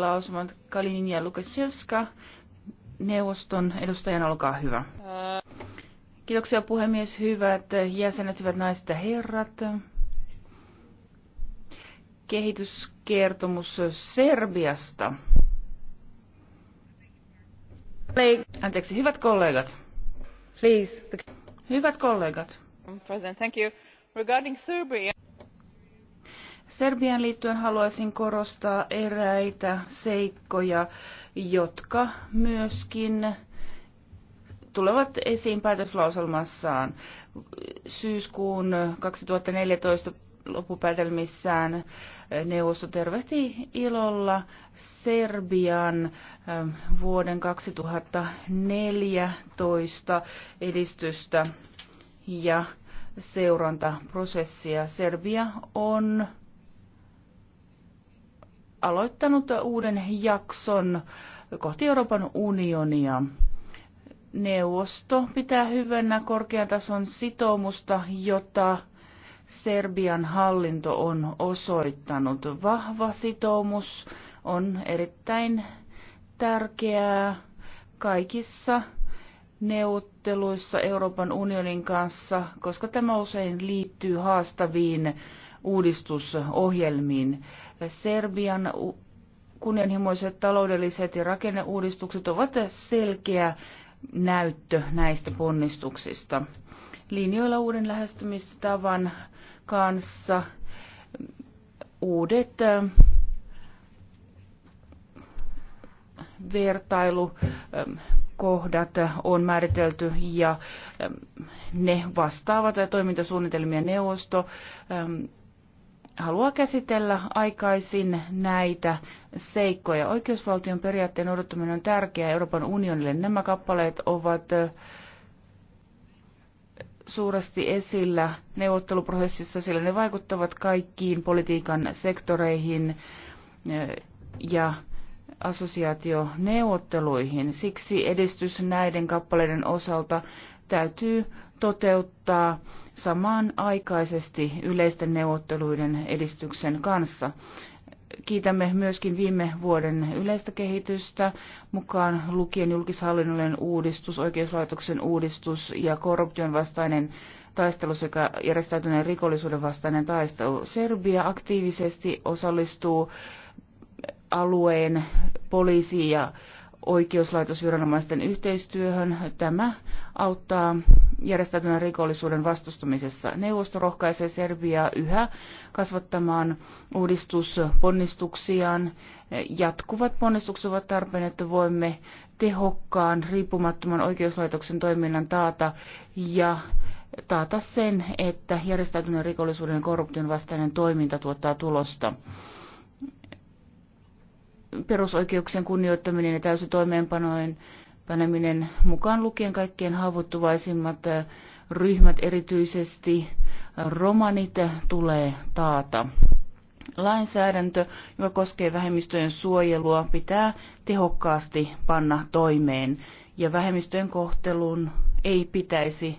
lausumat Kalinin ja Lukashevska. Neuvoston edustajan, olkaa hyvä. Kiitoksia puhemies, hyvät jäsenet, hyvät naiset ja herrat. Kehityskertomus Serbiasta. Anteeksi, hyvät kollegat. Please. Hyvät kollegat. President, thank you. Regarding Serbia. Serbian liittyen haluaisin korostaa eräitä seikkoja, jotka myöskin tulevat esiin päätöslauselmassaan syyskuun 2014 loppupäätelmissään neuvosto tervehti ilolla Serbian ähm, vuoden 2014 edistystä ja seurantaprosessia. Serbia on aloittanut uuden jakson kohti Euroopan unionia. Neuvosto pitää hyvänä korkean tason sitoumusta, jota Serbian hallinto on osoittanut. Vahva sitoumus on erittäin tärkeää kaikissa neuvotteluissa Euroopan unionin kanssa, koska tämä usein liittyy haastaviin uudistusohjelmiin. Serbian kunnianhimoiset taloudelliset ja rakenneuudistukset ovat selkeä näyttö näistä ponnistuksista. Linjoilla uuden lähestymistavan kanssa uudet äh, vertailukohdat äh, on määritelty ja äh, ne vastaavat toimintasuunnitelmia neuvosto ähm, haluaa käsitellä aikaisin näitä seikkoja. Oikeusvaltion periaatteen odottaminen on tärkeää Euroopan unionille. Nämä kappaleet ovat suuresti esillä neuvotteluprosessissa, sillä ne vaikuttavat kaikkiin politiikan sektoreihin ja assosiaationeuvotteluihin. Siksi edistys näiden kappaleiden osalta täytyy toteuttaa samanaikaisesti yleisten neuvotteluiden edistyksen kanssa. Kiitämme myöskin viime vuoden yleistä kehitystä, mukaan lukien julkishallinnollinen uudistus, oikeuslaitoksen uudistus ja korruption vastainen taistelu sekä järjestäytyneen rikollisuuden vastainen taistelu. Serbia aktiivisesti osallistuu alueen poliisi- ja oikeuslaitosviranomaisten yhteistyöhön. Tämä auttaa järjestäytyneen rikollisuuden vastustamisessa. Neuvosto rohkaisee Serbiaa yhä kasvattamaan uudistusponnistuksiaan. Jatkuvat ponnistukset ovat tarpeen, että voimme tehokkaan, riippumattoman oikeuslaitoksen toiminnan taata ja taata sen, että järjestäytyneen rikollisuuden ja korruption vastainen toiminta tuottaa tulosta perusoikeuksien kunnioittaminen ja täysi toimeenpanojen paneminen mukaan lukien kaikkien haavoittuvaisimmat äh, ryhmät, erityisesti äh, romanit, äh, tulee taata. Lainsäädäntö, joka koskee vähemmistöjen suojelua, pitää tehokkaasti panna toimeen ja vähemmistöjen kohtelun ei pitäisi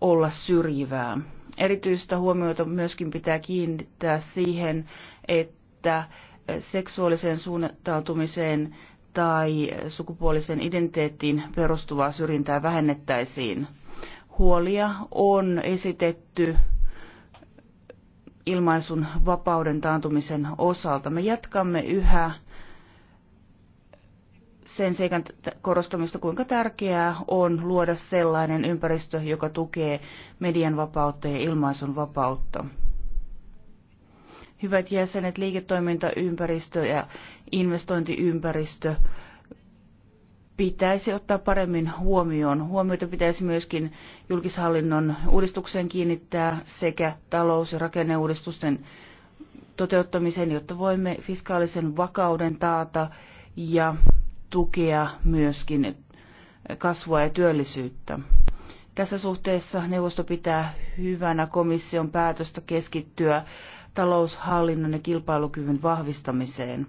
olla syrjivää. Erityistä huomiota myöskin pitää kiinnittää siihen, että seksuaaliseen suuntautumiseen tai sukupuolisen identiteettiin perustuvaa syrjintää vähennettäisiin. Huolia on esitetty ilmaisun vapauden taantumisen osalta. Me jatkamme yhä sen seikan korostamista, kuinka tärkeää on luoda sellainen ympäristö, joka tukee median vapautta ja ilmaisun vapautta hyvät jäsenet, liiketoimintaympäristö ja investointiympäristö pitäisi ottaa paremmin huomioon. Huomiota pitäisi myöskin julkishallinnon uudistukseen kiinnittää sekä talous- ja rakenneuudistusten toteuttamiseen, jotta voimme fiskaalisen vakauden taata ja tukea myöskin kasvua ja työllisyyttä. Tässä suhteessa neuvosto pitää hyvänä komission päätöstä keskittyä taloushallinnon ja kilpailukyvyn vahvistamiseen.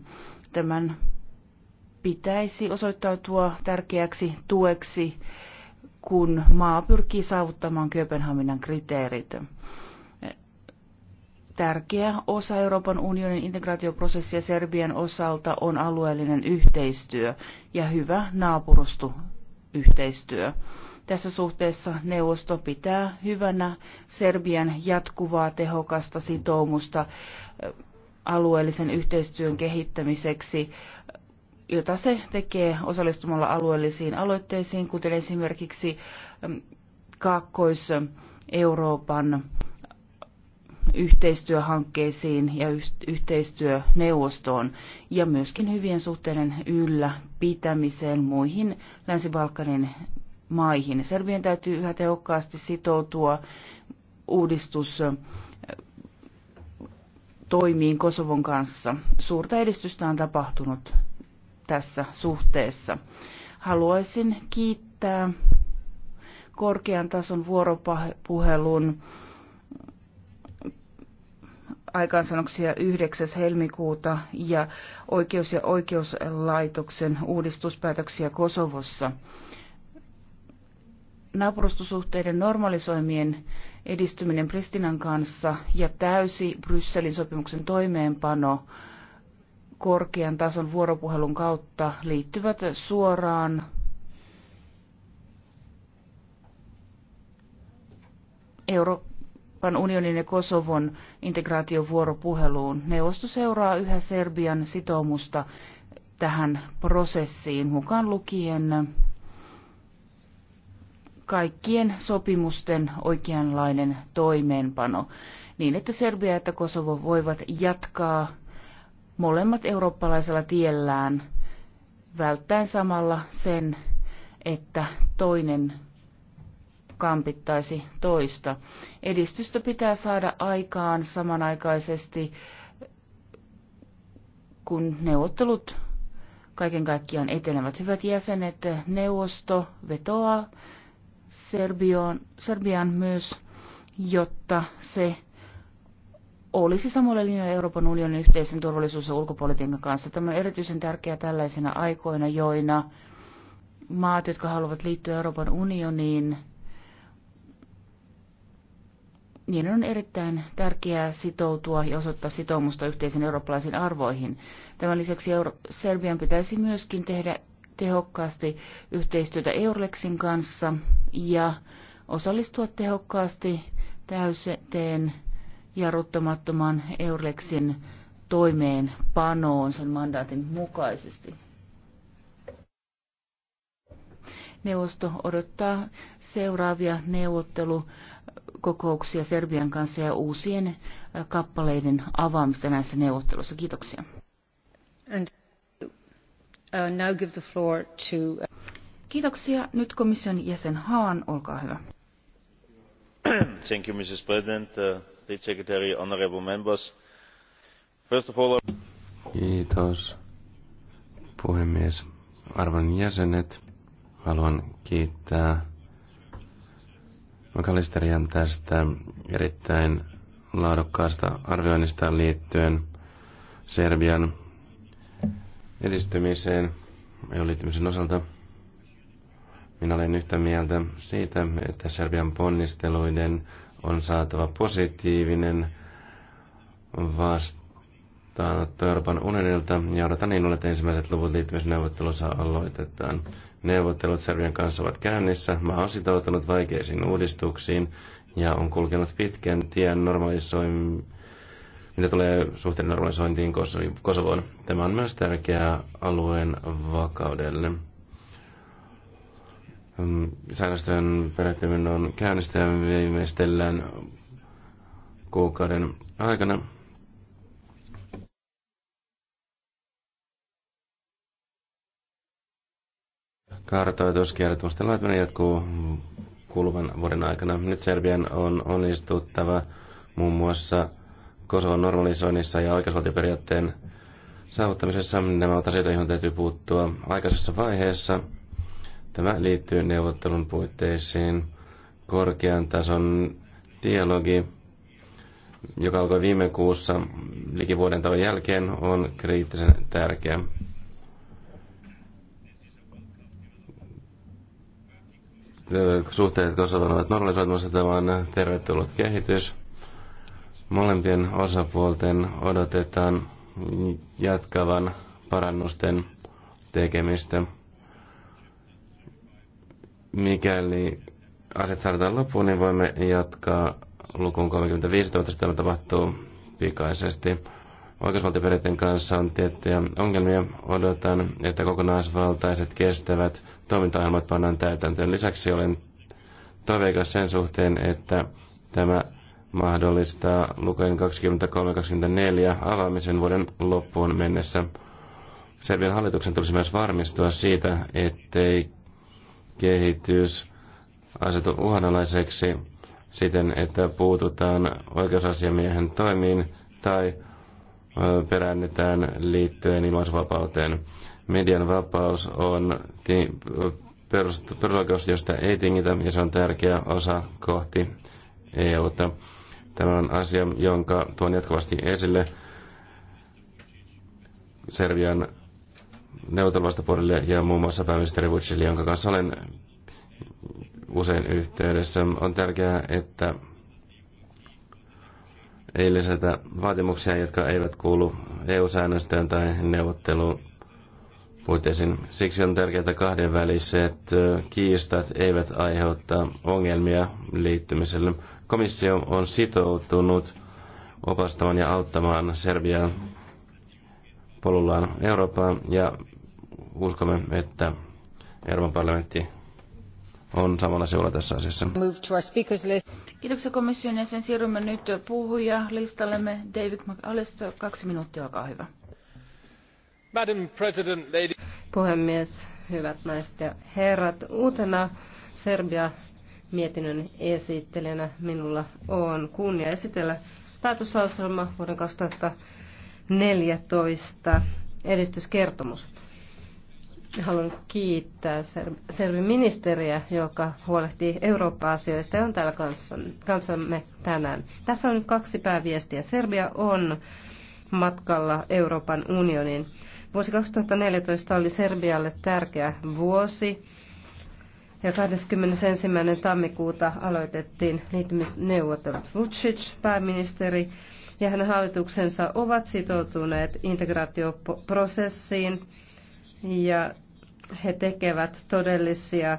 Tämän pitäisi osoittautua tärkeäksi tueksi, kun maa pyrkii saavuttamaan Kööpenhaminan kriteerit. Tärkeä osa Euroopan unionin integraatioprosessia Serbian osalta on alueellinen yhteistyö ja hyvä naapurustuyhteistyö. yhteistyö. Tässä suhteessa neuvosto pitää hyvänä Serbian jatkuvaa tehokasta sitoumusta alueellisen yhteistyön kehittämiseksi, jota se tekee osallistumalla alueellisiin aloitteisiin, kuten esimerkiksi Kaakkois-Euroopan yhteistyöhankkeisiin ja yhteistyöneuvostoon ja myöskin hyvien suhteiden yllä pitämiseen muihin Länsi-Balkanin maihin. Serbien täytyy yhä tehokkaasti sitoutua uudistus toimiin Kosovon kanssa. Suurta edistystä on tapahtunut tässä suhteessa. Haluaisin kiittää korkean tason vuoropuhelun aikaansanoksia 9. helmikuuta ja oikeus- ja oikeuslaitoksen uudistuspäätöksiä Kosovossa naapurustosuhteiden normalisoimien edistyminen Pristinan kanssa ja täysi Brysselin sopimuksen toimeenpano korkean tason vuoropuhelun kautta liittyvät suoraan Euroopan unionin ja Kosovon integraatiovuoropuheluun. Neuvosto seuraa yhä Serbian sitoumusta tähän prosessiin mukaan lukien kaikkien sopimusten oikeanlainen toimeenpano niin, että Serbia että Kosovo voivat jatkaa molemmat eurooppalaisella tiellään, välttäen samalla sen, että toinen kampittaisi toista. Edistystä pitää saada aikaan samanaikaisesti, kun neuvottelut kaiken kaikkiaan etenevät. Hyvät jäsenet, neuvosto vetoaa Serbioon, Serbiaan myös, jotta se olisi samalla linjalla Euroopan unionin yhteisen turvallisuus- ja ulkopolitiikan kanssa. Tämä on erityisen tärkeää tällaisina aikoina, joina maat, jotka haluavat liittyä Euroopan unioniin, niin on erittäin tärkeää sitoutua ja osoittaa sitoumusta yhteisen eurooppalaisiin arvoihin. Tämän lisäksi Euro- Serbian pitäisi myöskin tehdä tehokkaasti yhteistyötä Eurlexin kanssa ja osallistua tehokkaasti täyseteen jarruttamattoman Eurlexin toimeenpanoon sen mandaatin mukaisesti. Neuvosto odottaa seuraavia neuvottelukokouksia Serbian kanssa ja uusien kappaleiden avaamista näissä neuvotteluissa. Kiitoksia. And Uh, uh, Kiitoksia. Nyt komission jäsen Hahn olkaa hyvä. Thank you, Mrs. President, uh, State Secretary, honourable members. First of all... Kiitos, puhemies. Arvon jäsenet, haluan kiittää Makalisterian tästä erittäin laadukkaasta arvioinnista liittyen Serbian edistymiseen EU-liittymisen osalta. Minä olen yhtä mieltä siitä, että Serbian ponnisteluiden on saatava positiivinen vastaanotto Euroopan unionilta ja odotan niin, että ensimmäiset luvut liittymisneuvottelussa aloitetaan. Neuvottelut Serbian kanssa ovat käynnissä. Maa on sitoutunut vaikeisiin uudistuksiin ja on kulkenut pitkän tien normalisoimiseen mitä tulee suhteen normalisointiin Kosovoon, tämä on myös tärkeää alueen vakaudelle. Mm, säännöstön perehtyminen on käynnistä ja viimeistellään kuukauden aikana. Kartoituskierrätusten laitaminen jatkuu kuluvan vuoden aikana. Nyt Serbian on onnistuttava muun muassa Kosovan normalisoinnissa ja oikeusvaltioperiaatteen saavuttamisessa. Nämä ovat asioita, joihin täytyy puuttua aikaisessa vaiheessa. Tämä liittyy neuvottelun puitteisiin. Korkean tason dialogi, joka alkoi viime kuussa liki vuoden tauon jälkeen, on kriittisen tärkeä. Suhteet Kosovan ovat normalisoitumassa. Tämä on tervetullut kehitys Molempien osapuolten odotetaan jatkavan parannusten tekemistä. Mikäli aset saadaan loppuun, niin voimme jatkaa lukuun 35. Toivottavasti tämä tapahtuu pikaisesti. Oikeusvaltioperiaatteen kanssa on tiettyjä ongelmia. Odotan, että kokonaisvaltaiset kestävät toimintaohjelmat pannaan täytäntöön. Lisäksi olen toiveikas sen suhteen, että tämä mahdollistaa lukujen 23-24 avaamisen vuoden loppuun mennessä. Serbian hallituksen tulisi myös varmistua siitä, ettei kehitys asetu uhanalaiseksi siten, että puututaan oikeusasiamiehen toimiin tai perännetään liittyen ilmaisuvapauteen. Median vapaus on perusoikeus, josta ei tingitä, ja se on tärkeä osa kohti EUta. Tämä on asia, jonka tuon jatkuvasti esille Serbian neuvotteluvastapuolelle ja muun muassa pääministeri Vucille, jonka kanssa olen usein yhteydessä. On tärkeää, että ei lisätä vaatimuksia, jotka eivät kuulu EU-säännöstöön tai neuvotteluun puitteisiin. Siksi on tärkeää, että kahdenväliset kiistat eivät aiheuttaa ongelmia liittymiselle. Komissio on sitoutunut opastamaan ja auttamaan Serbiaa polullaan Eurooppaan ja uskomme, että Euroopan parlamentti on samalla seuraa tässä asiassa. Kiitoksia komission jäsen. Siirrymme nyt puhuja listallemme. David McAllister, kaksi minuuttia, olkaa hyvä. Madam President, lady. Puhemies, hyvät naiset ja herrat. Uutena Serbia mietinnön esittelijänä minulla on kunnia esitellä päätöslauselma vuoden 2014 edistyskertomus. Haluan kiittää Servin ministeriä, joka huolehtii Eurooppa-asioista ja on täällä kanssamme tänään. Tässä on kaksi pääviestiä. Serbia on matkalla Euroopan unionin. Vuosi 2014 oli Serbialle tärkeä vuosi ja 21. tammikuuta aloitettiin liittymisneuvottelut. Vucic, pääministeri, ja hänen hallituksensa ovat sitoutuneet integraatioprosessiin ja he tekevät todellisia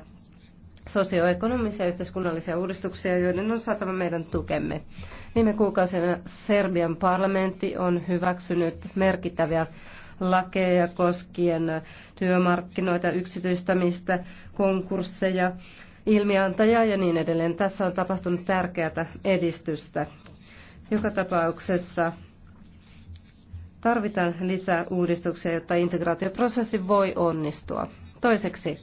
sosioekonomisia ja yhteiskunnallisia uudistuksia, joiden on saatava meidän tukemme. Viime kuukausina Serbian parlamentti on hyväksynyt merkittäviä lakeja koskien työmarkkinoita, yksityistämistä, konkursseja, ilmiantajaa ja niin edelleen. Tässä on tapahtunut tärkeää edistystä. Joka tapauksessa tarvitaan lisää uudistuksia, jotta integraatioprosessi voi onnistua. Toiseksi,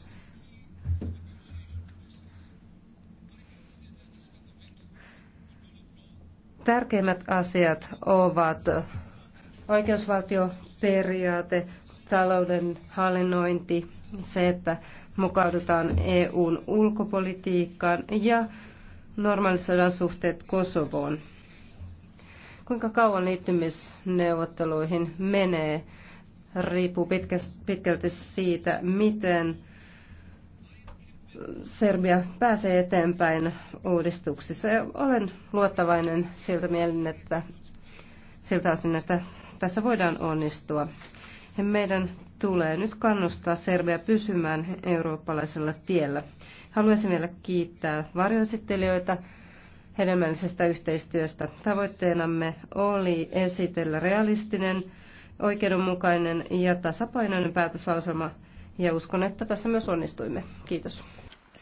tärkeimmät asiat ovat Oikeusvaltioperiaate, talouden hallinnointi, se, että mukaudutaan EUn ulkopolitiikkaan ja normalisoidaan suhteet Kosovoon. Kuinka kauan liittymisneuvotteluihin menee, riippuu pitkälti siitä, miten Serbia pääsee eteenpäin uudistuksissa. Ja olen luottavainen siltä mielin, että siltä osin, että tässä voidaan onnistua. Meidän tulee nyt kannustaa Serbia pysymään eurooppalaisella tiellä. Haluaisin vielä kiittää varjoesittelijöitä hedelmällisestä yhteistyöstä. Tavoitteenamme oli esitellä realistinen, oikeudenmukainen ja tasapainoinen päätöslauselma, ja uskon, että tässä myös onnistuimme. Kiitos.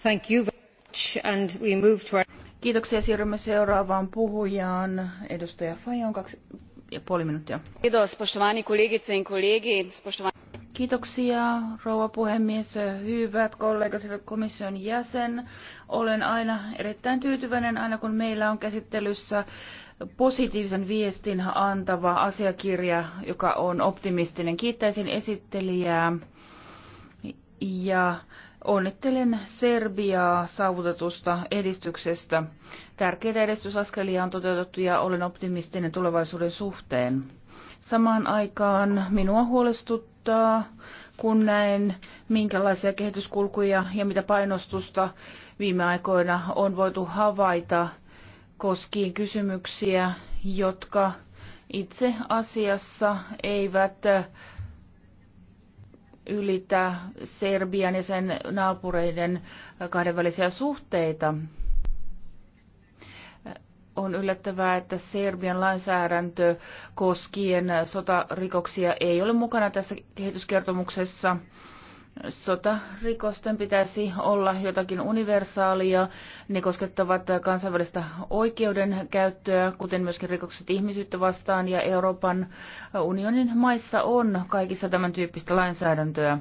Thank you very much, and we move to our... Kiitoksia. Siirrymme seuraavaan puhujaan. Edustaja Fajon, kaksi arvoisa Kiitoksia, puhemies. Hyvät kollegat, hyvä komission jäsen. Olen aina erittäin tyytyväinen, aina kun meillä on käsittelyssä positiivisen viestin antava asiakirja, joka on optimistinen. Kiittäisin esittelijää ja Onnittelen Serbiaa saavutetusta edistyksestä. Tärkeitä edistysaskelia on toteutettu ja olen optimistinen tulevaisuuden suhteen. Samaan aikaan minua huolestuttaa, kun näen minkälaisia kehityskulkuja ja mitä painostusta viime aikoina on voitu havaita koskien kysymyksiä, jotka itse asiassa eivät ylitä Serbian ja sen naapureiden kahdenvälisiä suhteita. On yllättävää, että Serbian lainsäädäntö koskien sotarikoksia ei ole mukana tässä kehityskertomuksessa sotarikosten pitäisi olla jotakin universaalia. Ne koskettavat kansainvälistä oikeudenkäyttöä, kuten myöskin rikokset ihmisyyttä vastaan, ja Euroopan unionin maissa on kaikissa tämän tyyppistä lainsäädäntöä.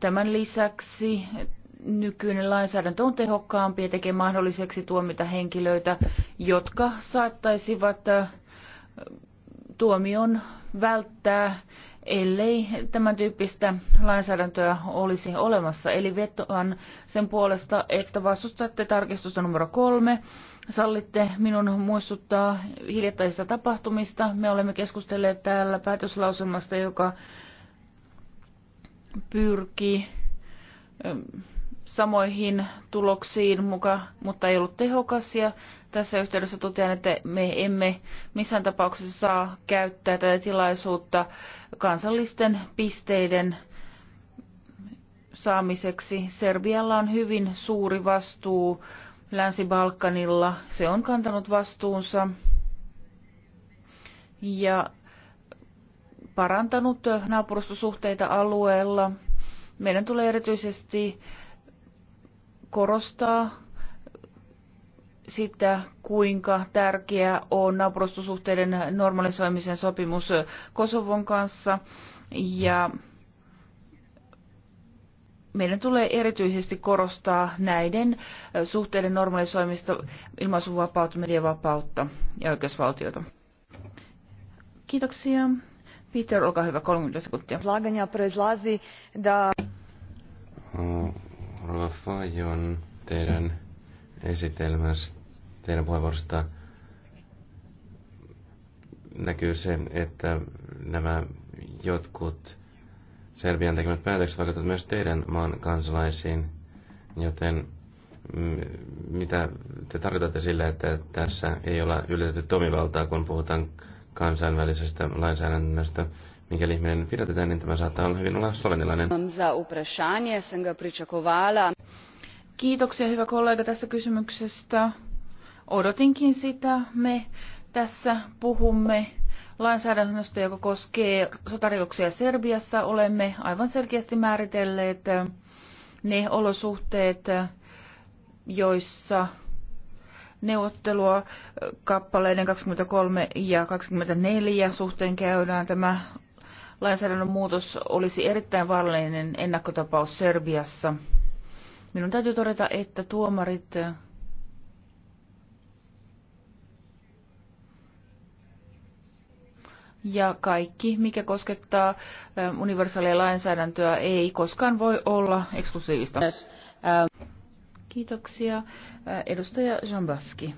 Tämän lisäksi nykyinen lainsäädäntö on tehokkaampi ja tekee mahdolliseksi tuomita henkilöitä, jotka saattaisivat tuomion välttää ellei tämän tyyppistä lainsäädäntöä olisi olemassa. Eli vetoan sen puolesta, että vastustatte tarkistusta numero kolme. Sallitte minun muistuttaa hiljattaisista tapahtumista. Me olemme keskustelleet täällä päätöslauselmasta, joka pyrki samoihin tuloksiin, muka, mutta ei ollut tehokas. Ja tässä yhteydessä totean, että me emme missään tapauksessa saa käyttää tätä tilaisuutta kansallisten pisteiden saamiseksi. Serbialla on hyvin suuri vastuu Länsi-Balkanilla. Se on kantanut vastuunsa ja parantanut naapurustosuhteita alueella. Meidän tulee erityisesti korostaa sitä, kuinka tärkeä on naapurustosuhteiden normalisoimisen sopimus Kosovon kanssa. Ja meidän tulee erityisesti korostaa näiden suhteiden normalisoimista, ilmaisuvapautta, medianvapautta ja oikeusvaltiota. Kiitoksia. Peter, olkaa hyvä, 30 sekuntia. Laganja proizlazi da Fajon teidän esitelmästä, teidän puheenvuorosta näkyy se, että nämä jotkut Serbian tekemät päätökset vaikuttavat myös teidän maan kansalaisiin, joten mm, mitä te tarkoitatte sillä, että tässä ei olla ylitetty toimivaltaa, kun puhutaan kansainvälisestä lainsäädännöstä? Mikäli ihminen pidätetään, niin tämä saattaa olla hyvin olla slovenilainen. Kiitoksia hyvä kollega tästä kysymyksestä. Odotinkin sitä. Me tässä puhumme lainsäädännöstä, joka koskee sotarikoksia Serbiassa. Olemme aivan selkeästi määritelleet ne olosuhteet, joissa neuvottelua kappaleiden 23 ja 24 suhteen käydään. Tämä lainsäädännön muutos olisi erittäin vaarallinen ennakkotapaus Serbiassa. Minun täytyy todeta, että tuomarit äh, ja kaikki, mikä koskettaa äh, universaalia lainsäädäntöä, ei koskaan voi olla eksklusiivista. Äh, Kiitoksia. Edustaja Jambaski.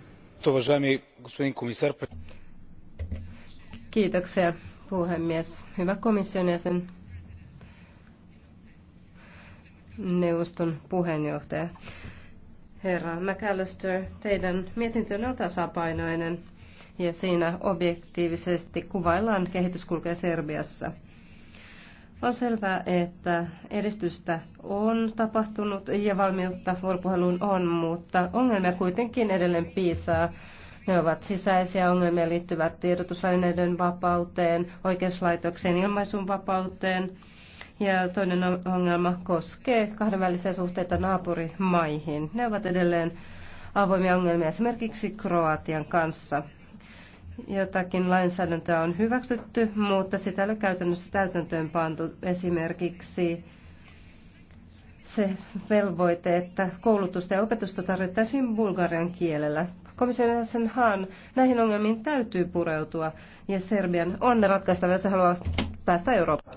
Kiitoksia puhemies. Hyvä komission jäsen, neuvoston puheenjohtaja. Herra McAllister, teidän mietintönne on tasapainoinen ja siinä objektiivisesti kuvaillaan kehityskulkea Serbiassa. On selvää, että edistystä on tapahtunut ja valmiutta vuoropuheluun on, mutta ongelmia kuitenkin edelleen piisaa ne ovat sisäisiä ongelmia liittyvät tiedotusvälineiden vapauteen, oikeuslaitokseen, ilmaisun vapauteen. Ja toinen ongelma koskee kahdenvälisiä suhteita naapurimaihin. Ne ovat edelleen avoimia ongelmia esimerkiksi Kroatian kanssa. Jotakin lainsäädäntöä on hyväksytty, mutta sitä ei ole käytännössä täytäntöön pantu esimerkiksi se velvoite, että koulutusta ja opetusta tarvittaisiin bulgarian kielellä komissaari sen haan näihin ongelmiin täytyy pureutua ja Serbian on ne ratkaistava, jos haluaa päästä Eurooppaan.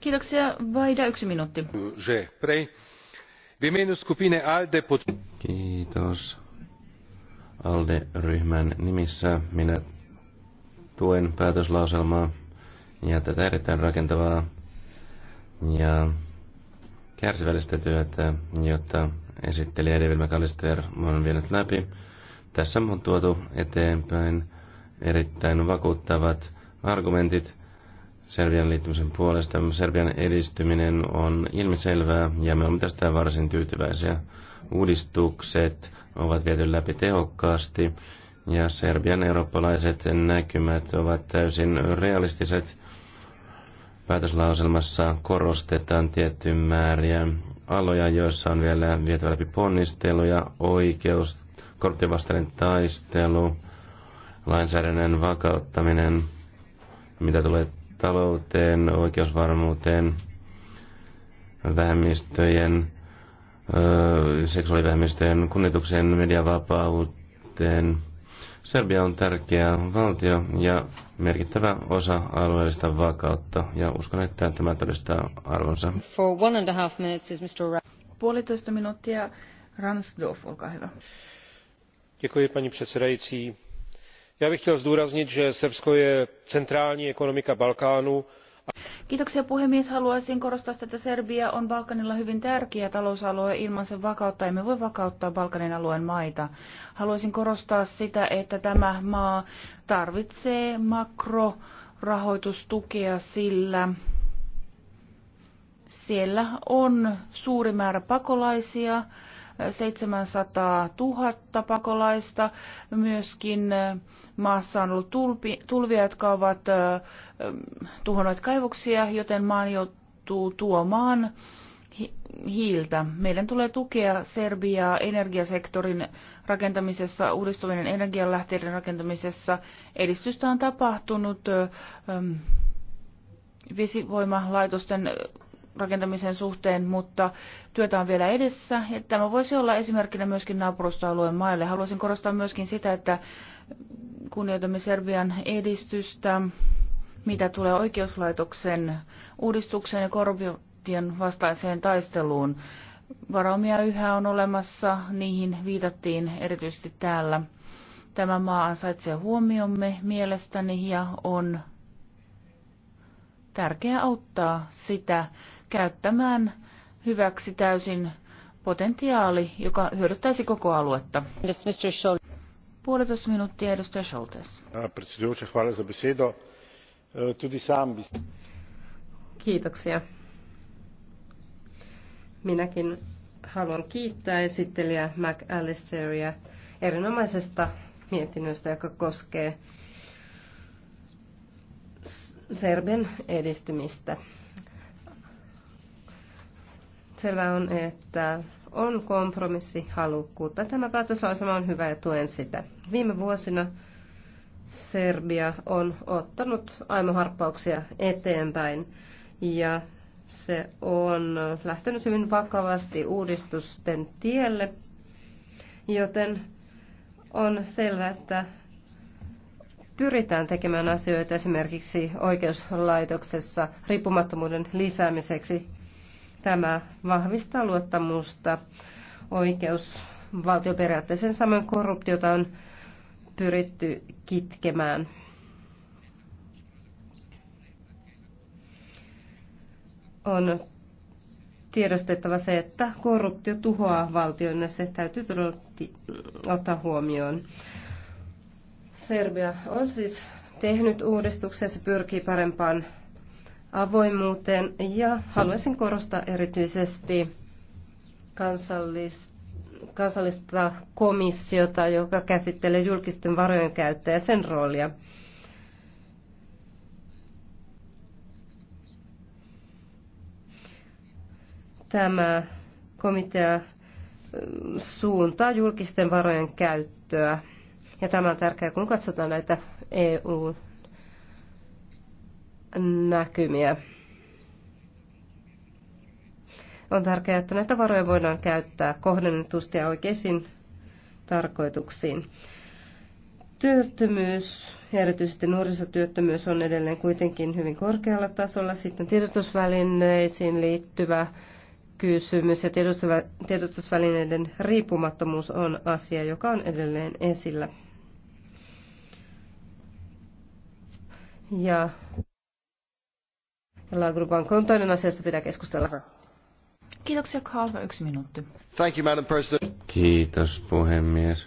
Kiitoksia. Vaida yksi minuutti. Kiitos. ALDE-ryhmän nimissä minä tuen päätöslauselmaa ja tätä erittäin rakentavaa ja kärsivällistä työtä, jotta esittelijä David McAllister on vienyt läpi. Tässä on tuotu eteenpäin erittäin vakuuttavat argumentit Serbian liittymisen puolesta. Serbian edistyminen on ilmiselvää ja me olemme tästä varsin tyytyväisiä. Uudistukset ovat viety läpi tehokkaasti ja Serbian eurooppalaiset näkymät ovat täysin realistiset päätöslauselmassa korostetaan tiettyjä määriä aloja, joissa on vielä vietävä läpi ponnisteluja, oikeus, korruptiovastainen taistelu, lainsäädännön vakauttaminen, mitä tulee talouteen, oikeusvarmuuteen, vähemmistöjen, öö, seksuaalivähemmistöjen kunnioitukseen, medianvapauteen, Serbia on tärkeä valtio ja merkittävä osa alueellista vakautta, ja uskon, että tämä todistaa arvonsa. For one and a half minutes is Mr. Ra- Puolitoista minuuttia. Ransdorf, olkaa hyvä. Děkuji, paní předsedající. Já bych chtěl zdůraznit, že Srbsko je centrální ekonomika Balkánu, Kiitoksia puhemies. Haluaisin korostaa, sitä, että Serbia on Balkanilla hyvin tärkeä talousalue. Ilman sen vakautta emme voi vakauttaa Balkanin alueen maita. Haluaisin korostaa sitä, että tämä maa tarvitsee makrorahoitustukea, sillä siellä on suuri määrä pakolaisia 700 000 pakolaista. Myöskin maassa on ollut tulpi, tulvia, jotka ovat tuhonneet kaivoksia, joten maan joutuu tuomaan hiiltä. Meidän tulee tukea Serbiaa energiasektorin rakentamisessa, uudistuvien energianlähteiden rakentamisessa. Edistystä on tapahtunut vesivoimalaitosten rakentamisen suhteen, mutta työtä on vielä edessä. Ja tämä voisi olla esimerkkinä myöskin naapurustoalueen maille. Haluaisin korostaa myöskin sitä, että kunnioitamme Serbian edistystä, mitä tulee oikeuslaitoksen uudistukseen ja korruption vastaiseen taisteluun. Varaumia yhä on olemassa, niihin viitattiin erityisesti täällä. Tämä maa ansaitsee huomiomme mielestäni ja on tärkeää auttaa sitä käyttämään hyväksi täysin potentiaali, joka hyödyttäisi koko aluetta. Puolitoista minuuttia edustaja Scholtes. E, Kiitoksia. Minäkin haluan kiittää esittelijä McAllisteria erinomaisesta mietinnöstä, joka koskee Serbian edistymistä. Selvä on, että on kompromissihalukkuutta. Tämä päätöslausuma on hyvä ja tuen sitä. Viime vuosina Serbia on ottanut aimoharppauksia eteenpäin ja se on lähtenyt hyvin vakavasti uudistusten tielle, joten on selvää, että pyritään tekemään asioita esimerkiksi oikeuslaitoksessa riippumattomuuden lisäämiseksi Tämä vahvistaa luottamusta oikeusvaltioperiaatteeseen. Samoin korruptiota on pyritty kitkemään. On tiedostettava se, että korruptio tuhoaa valtion ja se täytyy todella ottaa huomioon. Serbia on siis tehnyt uudistuksen, se pyrkii parempaan avoimuuteen ja haluaisin korostaa erityisesti kansallista kansallista komissiota, joka käsittelee julkisten varojen käyttöä ja sen roolia. Tämä komitea suuntaa julkisten varojen käyttöä. Ja tämä on tärkeää, kun katsotaan näitä EU- näkymiä. On tärkeää, että näitä varoja voidaan käyttää kohdennetusti ja oikeisiin tarkoituksiin. Työttömyys, erityisesti nuorisotyöttömyys, on edelleen kuitenkin hyvin korkealla tasolla. Sitten tiedotusvälineisiin liittyvä kysymys ja tiedotusvälineiden riippumattomuus on asia, joka on edelleen esillä. Ja La Grubanko on toinen asia, josta pitää keskustella. Kiitoksia, Kalva. Yksi minuutti. Thank you, Madam President. Kiitos, puhemies.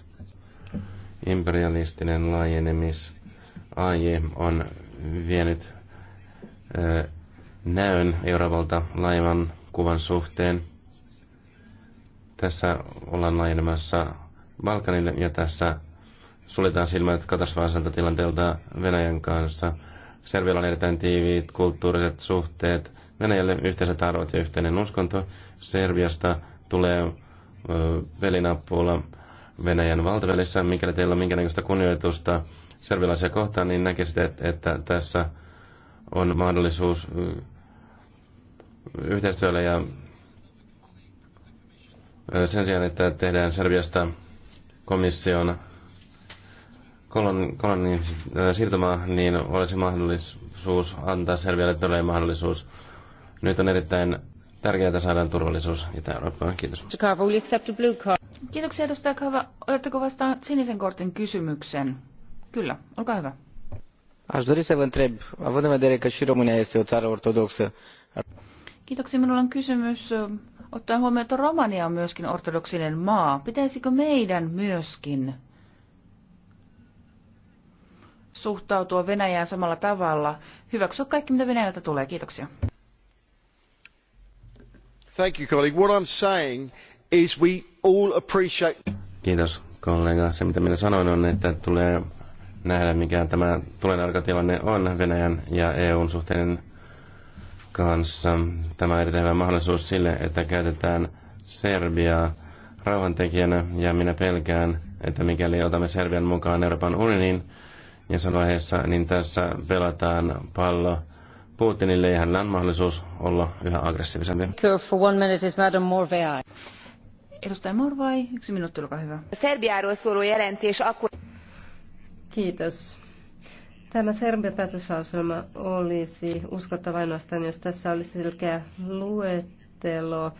Imperialistinen laajenemis laajenemisaje on vienyt ö, näön Euroopalta laivan kuvan suhteen. Tässä ollaan laajenemassa Balkanille ja tässä suljetaan silmät katastrofaaliselta tilanteelta Venäjän kanssa – Serbialla on erittäin tiiviit kulttuuriset suhteet. Venäjälle yhteiset arvot ja yhteinen uskonto. Serbiasta tulee velinapulla Venäjän valtavälissä. Mikäli teillä on minkäännäköistä kunnioitusta Serbialaisia kohtaan, niin näkisitte, että tässä on mahdollisuus yhteistyölle ja sen sijaan, että tehdään Serbiasta komission kolonin siirtomaa, niin olisi mahdollisuus antaa Serbialle todellinen mahdollisuus. Nyt on erittäin tärkeää saada turvallisuus Itä-Eurooppaan. Kiitos. Kiitoksia edustaja Kava. Oletteko vastaan sinisen kortin kysymyksen? Kyllä, olkaa hyvä. Aș dori să vă întreb, având în vedere că și România este o țară ortodoxă. Kiitoksia, minulla on kysymys. Ottaen huomioon, että Romania on myöskin ortodoksinen maa. Pitäisikö meidän myöskin suhtautua Venäjään samalla tavalla, hyväksyä kaikki, mitä Venäjältä tulee. Kiitoksia. Thank you, colleague. What I'm saying is we all appreciate... Kiitos, kollega. Se, mitä minä sanoin, on, että tulee nähdä, mikä tämä tulenarkatilanne on Venäjän ja EUn suhteen kanssa. Tämä on erittäin hyvä mahdollisuus sille, että käytetään Serbiaa rauhantekijänä, ja minä pelkään, että mikäli otamme Serbian mukaan Euroopan unioniin, jossain vaiheessa, niin tässä pelataan pallo Putinille ja hänellä on mahdollisuus olla yhä aggressiivisempi. For one minute is Madam Morvai. Edustaja Morvai, yksi minuutti, olkaa hyvä. Serbiáról szóló jelentés Kiitos. Tämä Serbian päätöslauselma olisi uskottava ainoastaan, jos tässä olisi selkeä luettelo,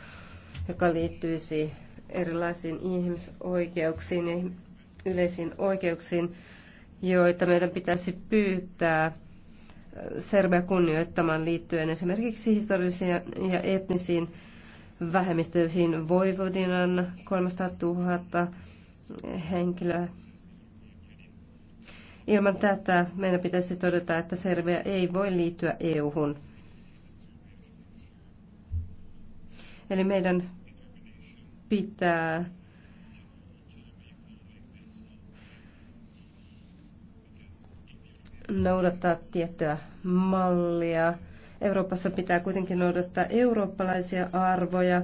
joka liittyisi erilaisiin ihmisoikeuksiin ja yleisiin oikeuksiin joita meidän pitäisi pyytää äh, Serbia kunnioittamaan liittyen esimerkiksi historiallisiin ja etnisiin vähemmistöihin Voivodinan 300 000 henkilöä. Ilman tätä meidän pitäisi todeta, että Serbia ei voi liittyä EU-hun. Eli meidän pitää noudattaa tiettyä mallia. Euroopassa pitää kuitenkin noudattaa eurooppalaisia arvoja,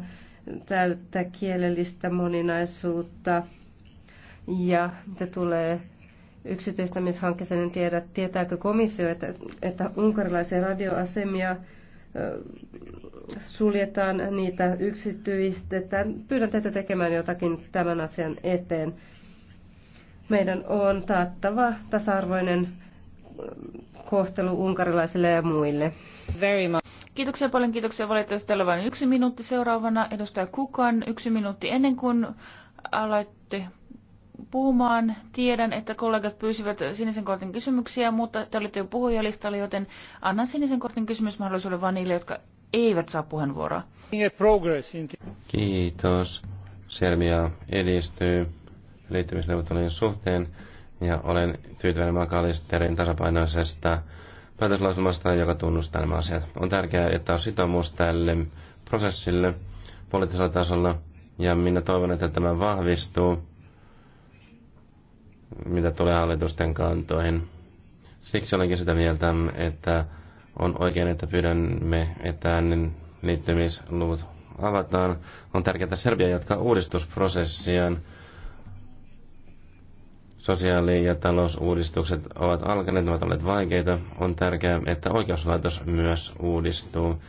täyttää kielellistä moninaisuutta. Ja mitä tulee yksityistämishankkeeseen, en tiedä, tietääkö komissio, että, että unkarilaisia radioasemia suljetaan, niitä yksityistetään. Pyydän teitä tekemään jotakin tämän asian eteen. Meidän on taattava tasa-arvoinen kohtelu unkarilaisille ja muille. Very much. Kiitoksia paljon, kiitoksia. Valitettavasti teillä vain yksi minuutti seuraavana. Edustaja Kukan, yksi minuutti ennen kuin aloitte puhumaan. Tiedän, että kollegat pyysivät sinisen kortin kysymyksiä, mutta te olitte jo puhujalistalla, joten annan sinisen kortin kysymysmahdollisuuden vain niille, jotka eivät saa puheenvuoroa. Kiitos. Serbia edistyy liittymisneuvottelujen suhteen ja olen tyytyväinen Makalisterin tasapainoisesta päätöslauselmasta, joka tunnustaa nämä asiat. On tärkeää, että on sitoumus tälle prosessille poliittisella tasolla, ja minä toivon, että tämä vahvistuu, mitä tulee hallitusten kantoihin. Siksi olenkin sitä mieltä, että on oikein, että pyydämme, että äänen liittymisluvut avataan. On tärkeää, että Serbia jatkaa uudistusprosessiaan Sosiaali- ja talousuudistukset ovat alkaneet, ovat olleet vaikeita. On tärkeää, että oikeuslaitos myös uudistuu.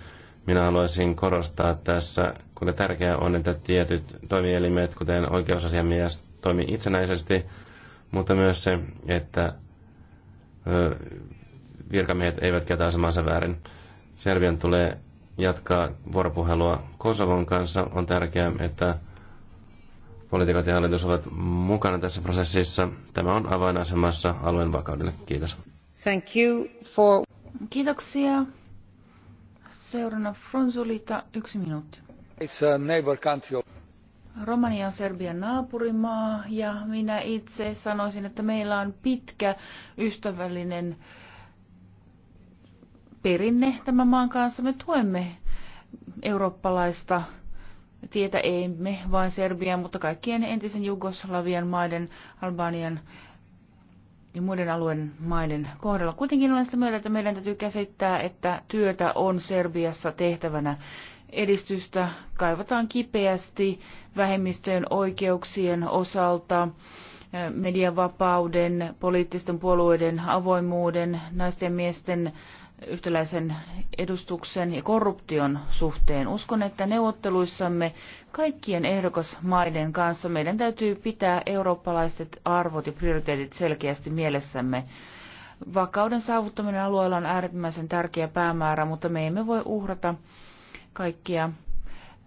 Minä haluaisin korostaa tässä, kuinka tärkeää on, että tietyt toimielimet, kuten oikeusasiamies, toimii itsenäisesti, mutta myös se, että virkamiehet eivät käytä asemansa väärin. Serbian tulee jatkaa vuoropuhelua Kosovon kanssa. On tärkeää, että poliitikot ja hallitus ovat mukana tässä prosessissa. Tämä on avainasemassa alueen vakaudelle. Kiitos. Thank you for... Kiitoksia. Seurana Fronsulita, yksi minuutti. It's a neighbor country. Romania on Serbian naapurimaa ja minä itse sanoisin, että meillä on pitkä ystävällinen perinne tämän maan kanssa. Me tuemme eurooppalaista tietä ei me vain Serbian, mutta kaikkien entisen Jugoslavian maiden, Albanian ja muiden alueen maiden kohdalla. Kuitenkin olen sitä mieltä, että meidän täytyy käsittää, että työtä on Serbiassa tehtävänä. Edistystä kaivataan kipeästi vähemmistöjen oikeuksien osalta, medianvapauden, poliittisten puolueiden avoimuuden, naisten ja miesten yhtäläisen edustuksen ja korruption suhteen. Uskon, että neuvotteluissamme kaikkien ehdokasmaiden kanssa meidän täytyy pitää eurooppalaiset arvot ja prioriteetit selkeästi mielessämme. Vakauden saavuttaminen alueella on äärimmäisen tärkeä päämäärä, mutta me emme voi uhrata kaikkia.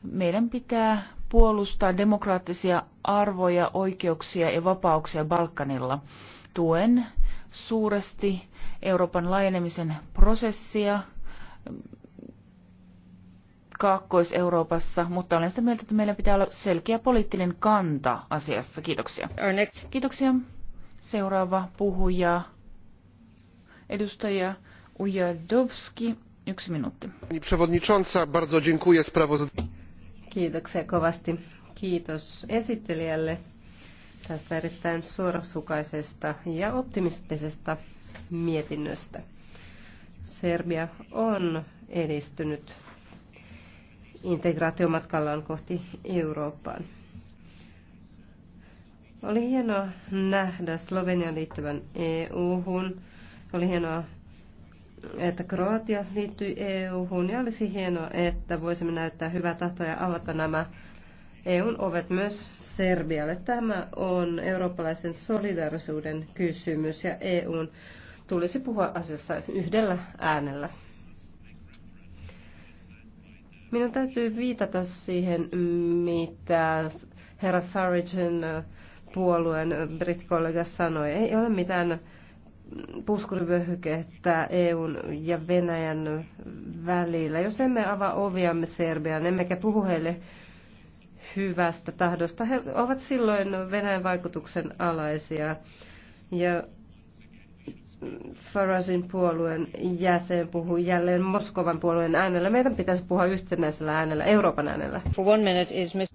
Meidän pitää puolustaa demokraattisia arvoja, oikeuksia ja vapauksia Balkanilla. Tuen suuresti Euroopan laajenemisen prosessia Kaakkois-Euroopassa, mutta olen sitä mieltä, että meillä pitää olla selkeä poliittinen kanta asiassa. Kiitoksia. Kiitoksia. Seuraava puhuja, edustaja Ujadovski, Yksi minuutti. Przewodnicząca, bardzo dziękuję sprawozdawcy. Kiitoksia kovasti. Kiitos esittelijälle tästä erittäin suorasukaisesta ja optimistisesta mietinnöstä. Serbia on edistynyt integraatiomatkallaan kohti Eurooppaan. Oli hienoa nähdä Slovenian liittyvän EU-hun. Oli hienoa, että Kroatia liittyi EU-hun. Ja olisi hienoa, että voisimme näyttää hyvää tahtoa ja avata nämä EUn ovet myös Serbialle. Tämä on eurooppalaisen solidarisuuden kysymys ja EUn tulisi puhua asiassa yhdellä äänellä. Minun täytyy viitata siihen, mitä herra Faragen puolueen brittikollega sanoi. Ei ole mitään puskurivyöhykettä EUn ja Venäjän välillä. Jos emme avaa oviamme Serbiaan, emmekä puhu heille hyvästä tahdosta. He ovat silloin Venäjän vaikutuksen alaisia. Ja Farazin puolueen jäsen puhuu jälleen Moskovan puolueen äänellä. Meidän pitäisi puhua yhtenäisellä äänellä, Euroopan äänellä. For one minute is miss...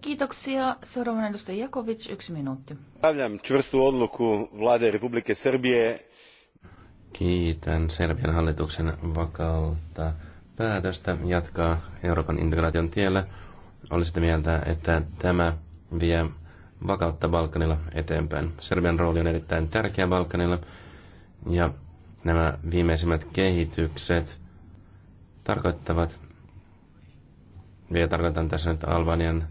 Kiitoksia. Seuraavan edustaja Jakovic, yksi minuutti. Päivän čvrstu odluku vlade Republike Serbie. Kiitän Serbian hallituksen vakautta päätöstä jatkaa Euroopan integraation tiellä oli sitä mieltä, että tämä vie vakautta Balkanilla eteenpäin. Serbian rooli on erittäin tärkeä Balkanilla ja nämä viimeisimmät kehitykset tarkoittavat, vielä tarkoitan tässä nyt Albanian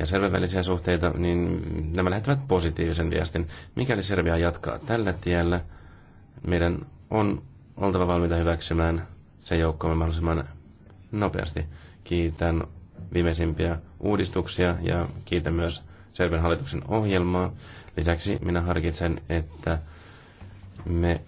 ja Serbian välisiä suhteita, niin nämä lähettävät positiivisen viestin. Mikäli Serbia jatkaa tällä tiellä, meidän on oltava valmiita hyväksymään se joukkomme mahdollisimman nopeasti. Kiitän viimeisimpiä uudistuksia ja kiitän myös Serbian hallituksen ohjelmaa. Lisäksi minä harkitsen, että me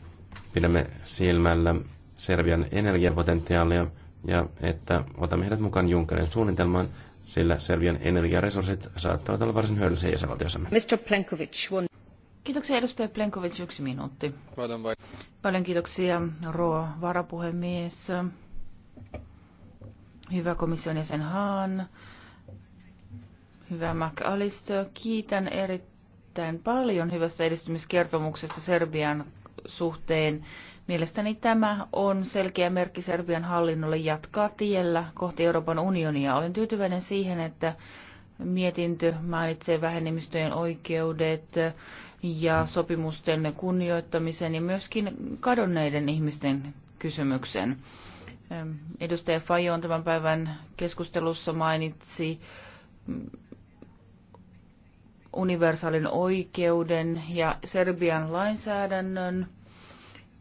pidämme silmällä Serbian energiapotentiaalia ja että otamme heidät mukaan Junckerin suunnitelmaan, sillä Serbian energiaresurssit saattavat olla varsin hyödyllisiä jäsenvaltiossamme. Mr. Plenkovic, one... Kiitoksia edustaja Plenkovic, yksi minuutti. Paljon kiitoksia, Roa varapuhemies hyvä komission jäsen Haan, hyvä McAllister. Kiitän erittäin paljon hyvästä edistymiskertomuksesta Serbian suhteen. Mielestäni tämä on selkeä merkki Serbian hallinnolle jatkaa tiellä kohti Euroopan unionia. Olen tyytyväinen siihen, että mietintö mainitsee vähenemistöjen oikeudet ja sopimusten kunnioittamisen ja myöskin kadonneiden ihmisten kysymyksen. Edustaja Fajon tämän päivän keskustelussa mainitsi mm, universaalin oikeuden ja Serbian lainsäädännön.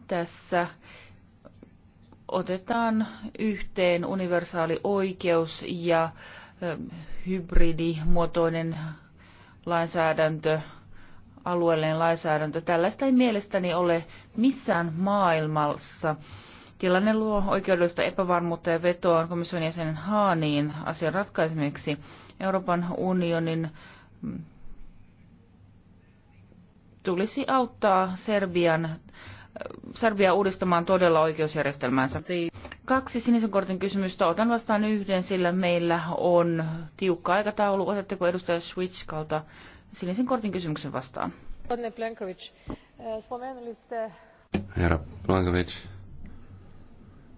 Tässä otetaan yhteen universaali oikeus ja hybridimuotoinen lainsäädäntö, alueellinen lainsäädäntö. Tällaista ei mielestäni ole missään maailmassa. Tilanne luo oikeudellista epävarmuutta ja vetoon komission jäsenen Haaniin asian ratkaisemiseksi. Euroopan unionin mm, tulisi auttaa Serbian Serbia uudistamaan todella oikeusjärjestelmäänsä. Kaksi sinisen kortin kysymystä. Otan vastaan yhden, sillä meillä on tiukka aikataulu. Otetteko edustaja Switchkalta sinisen kortin kysymyksen vastaan? E, Herra Plankovic,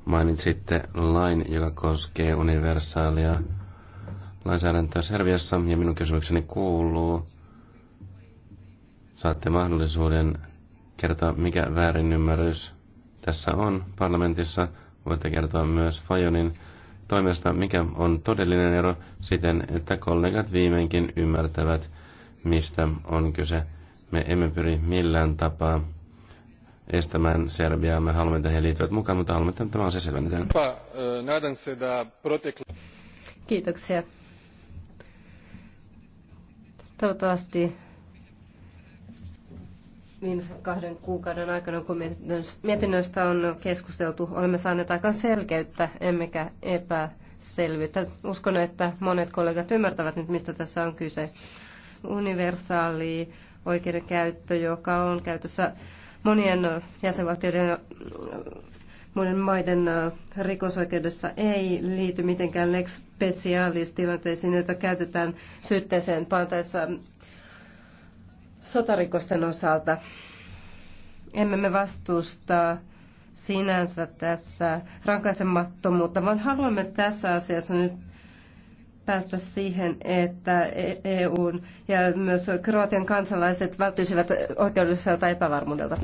Mainitsitte lain, joka koskee universaalia lainsäädäntöä Serviassa, ja minun kysymykseni kuuluu, saatte mahdollisuuden kertoa, mikä väärinymmärrys tässä on parlamentissa. Voitte kertoa myös Fajonin toimesta, mikä on todellinen ero siten, että kollegat viimeinkin ymmärtävät, mistä on kyse. Me emme pyri millään tapaa estämään Serbiaa. Me haluamme, että he liittyvät mukaan, mutta haluamme, että tämä on se selvä. E, Kiitoksia. Toivottavasti viimeisen kahden kuukauden aikana, kun mietinnöistä on keskusteltu, olemme saaneet aika selkeyttä, emmekä epäselvyyttä. Uskon, että monet kollegat ymmärtävät nyt, mistä tässä on kyse. Universaali oikeudenkäyttö, joka on käytössä monien jäsenvaltioiden muiden maiden rikosoikeudessa ei liity mitenkään lex specialis tilanteisiin, joita käytetään syytteeseen pantaessa sotarikosten osalta. Emme me vastusta sinänsä tässä rankaisemattomuutta, vaan haluamme tässä asiassa nyt päästä siihen, että e- EU ja myös Kroatian kansalaiset välttyisivät oikeudelliselta epävarmuudelta.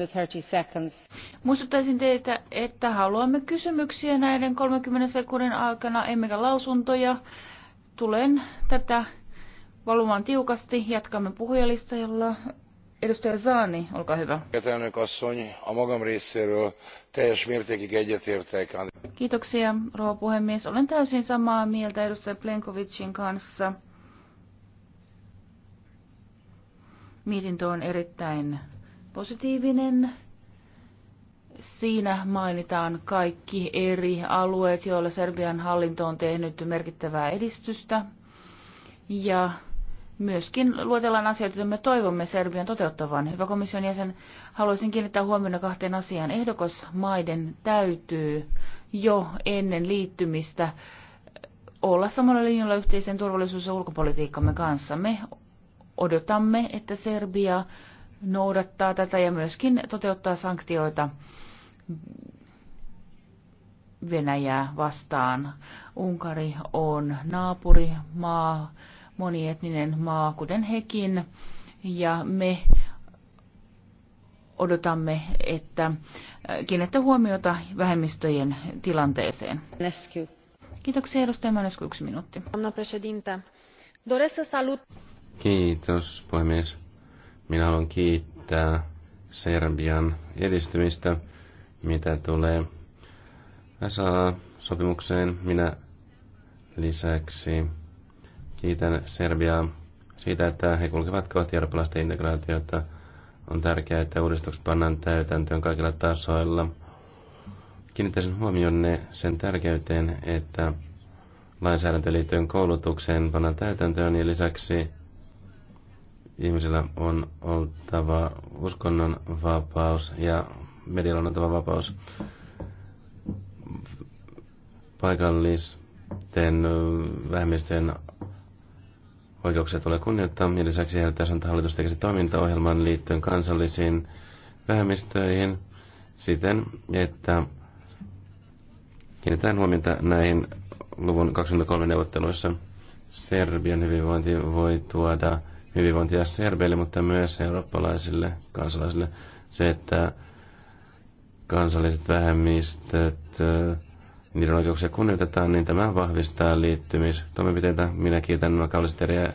Muistuttaisin teitä, että haluamme kysymyksiä näiden 30 sekunnin aikana, emmekä lausuntoja. Tulen tätä valumaan tiukasti. Jatkamme puhujalistajalla. Edustaja Zani, olkaa hyvä. Kiitoksia, rouva puhemies. Olen täysin samaa mieltä edustaja Plenkovicin kanssa. Mietintö on erittäin positiivinen. Siinä mainitaan kaikki eri alueet, joilla Serbian hallinto on tehnyt merkittävää edistystä. Ja myöskin luetellaan asioita, joita me toivomme Serbian toteuttavan. Hyvä komission jäsen, haluaisin kiinnittää huomiota kahteen asiaan. Ehdokasmaiden täytyy jo ennen liittymistä olla samalla linjalla yhteisen turvallisuus- ja ulkopolitiikkamme kanssa. Me odotamme, että Serbia noudattaa tätä ja myöskin toteuttaa sanktioita Venäjää vastaan. Unkari on naapurimaa monietninen maa, kuten hekin, ja me odotamme, että äh, kiinnittää huomiota vähemmistöjen tilanteeseen. Lesky. Kiitoksia edustaja Mälesku, yksi minuutti. Kiitos puhemies. Minä haluan kiittää Serbian edistymistä, mitä tulee sa sopimukseen Minä lisäksi Kiitän Serbiaa siitä, että he kulkevat kohti eurooppalaista integraatiota. On tärkeää, että uudistukset pannaan täytäntöön kaikilla tasoilla. Kiinnittäisin huomionne sen tärkeyteen, että lainsäädäntö liittyen koulutukseen pannaan täytäntöön ja lisäksi ihmisillä on oltava uskonnon vapaus ja medialla on oltava vapaus paikallisten vähemmistöjen oikeuksia tulee kunnioittaa. Ja lisäksi ehdotetaan, että hallitus tekisi toimintaohjelman liittyen kansallisiin vähemmistöihin siten, että kiinnitetään huomiota näihin luvun 23 neuvotteluissa. Serbian hyvinvointi voi tuoda hyvinvointia serbeille, mutta myös eurooppalaisille kansalaisille. Se, että kansalliset vähemmistöt, niiden oikeuksia kunnioitetaan, niin tämä vahvistaa liittymistoimenpiteitä. Minä kiitän nämä Makaulisiteriä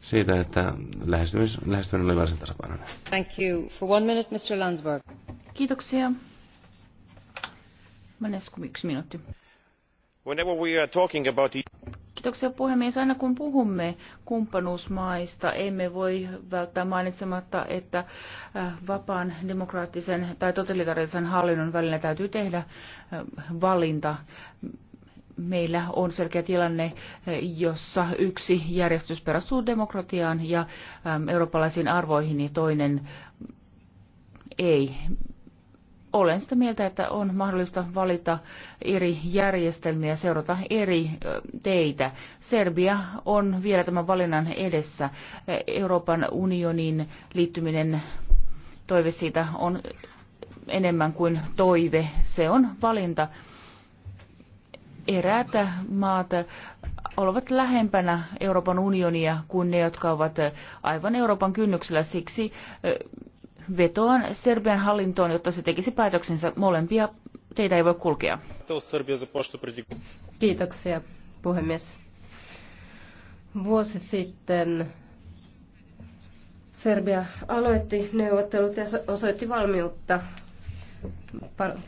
siitä, että lähestymis, lähestyminen oli varsin tasapainoinen. Thank you. For one minute, Mr. Landsberg. Kiitoksia. Mä yksi minuutti. Whenever we are talking about... Kiitoksia puhemies. Aina kun puhumme kumppanuusmaista, emme voi välttää mainitsematta, että äh, vapaan demokraattisen tai totalitaarisen hallinnon välillä täytyy tehdä äh, valinta meillä on selkeä tilanne, äh, jossa yksi järjestys perustuu demokratiaan ja ähm, eurooppalaisiin arvoihin ja toinen ei olen sitä mieltä, että on mahdollista valita eri järjestelmiä, seurata eri teitä. Serbia on vielä tämän valinnan edessä. Euroopan unionin liittyminen, toive siitä on enemmän kuin toive. Se on valinta. Eräät maat ovat lähempänä Euroopan unionia kuin ne, jotka ovat aivan Euroopan kynnyksellä. Siksi vetoan Serbian hallintoon, jotta se tekisi päätöksensä molempia. Teitä ei voi kulkea. Kiitoksia, puhemies. Vuosi sitten Serbia aloitti neuvottelut ja osoitti valmiutta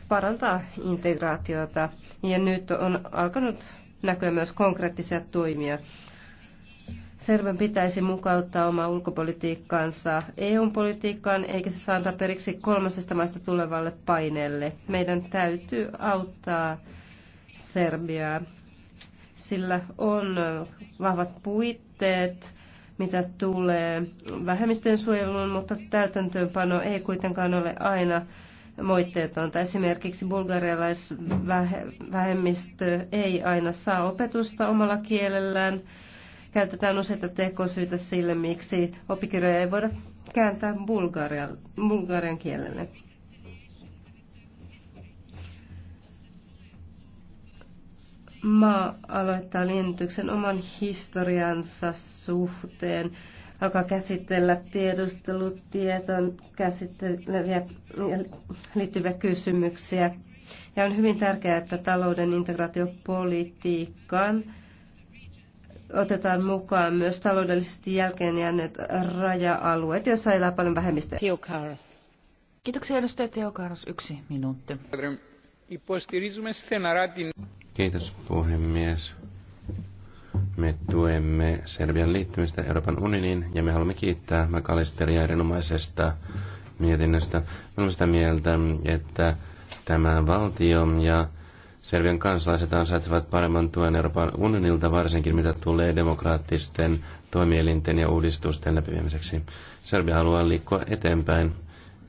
parantaa integraatiota. Ja nyt on alkanut näkyä myös konkreettisia toimia. Serbian pitäisi mukauttaa omaa ulkopolitiikkaansa EU-politiikkaan, eikä se saa periksi kolmasesta maasta tulevalle paineelle. Meidän täytyy auttaa Serbiaa. Sillä on vahvat puitteet, mitä tulee vähemmistöjen suojeluun, mutta täytäntöönpano ei kuitenkaan ole aina moitteetonta. Esimerkiksi bulgarialaisvähemmistö ei aina saa opetusta omalla kielellään Käytetään useita tekosyitä sille, miksi opikirjoja ei voida kääntää bulgarian, bulgarian kielelle. Maa aloittaa liennytyksen oman historiansa suhteen, alkaa käsitellä tiedustelutieton käsitteleviä liittyviä kysymyksiä. Ja on hyvin tärkeää, että talouden integraatiopolitiikkaan otetaan mukaan myös taloudellisesti jälkeen jääneet raja-alueet, joissa elää paljon vähemmistöjä. Tiukaras. Kiitoksia edustaja Teokaras. Yksi minuutti. Kiitos puhemies. Me tuemme Serbian liittymistä Euroopan unioniin ja me haluamme kiittää Makalisteria erinomaisesta mietinnöstä. Me olemme sitä mieltä, että tämä valtio ja Serbian kansalaiset ansaitsevat paremman tuen Euroopan unionilta, varsinkin mitä tulee demokraattisten toimielinten ja uudistusten läpiviemiseksi. Serbia haluaa liikkua eteenpäin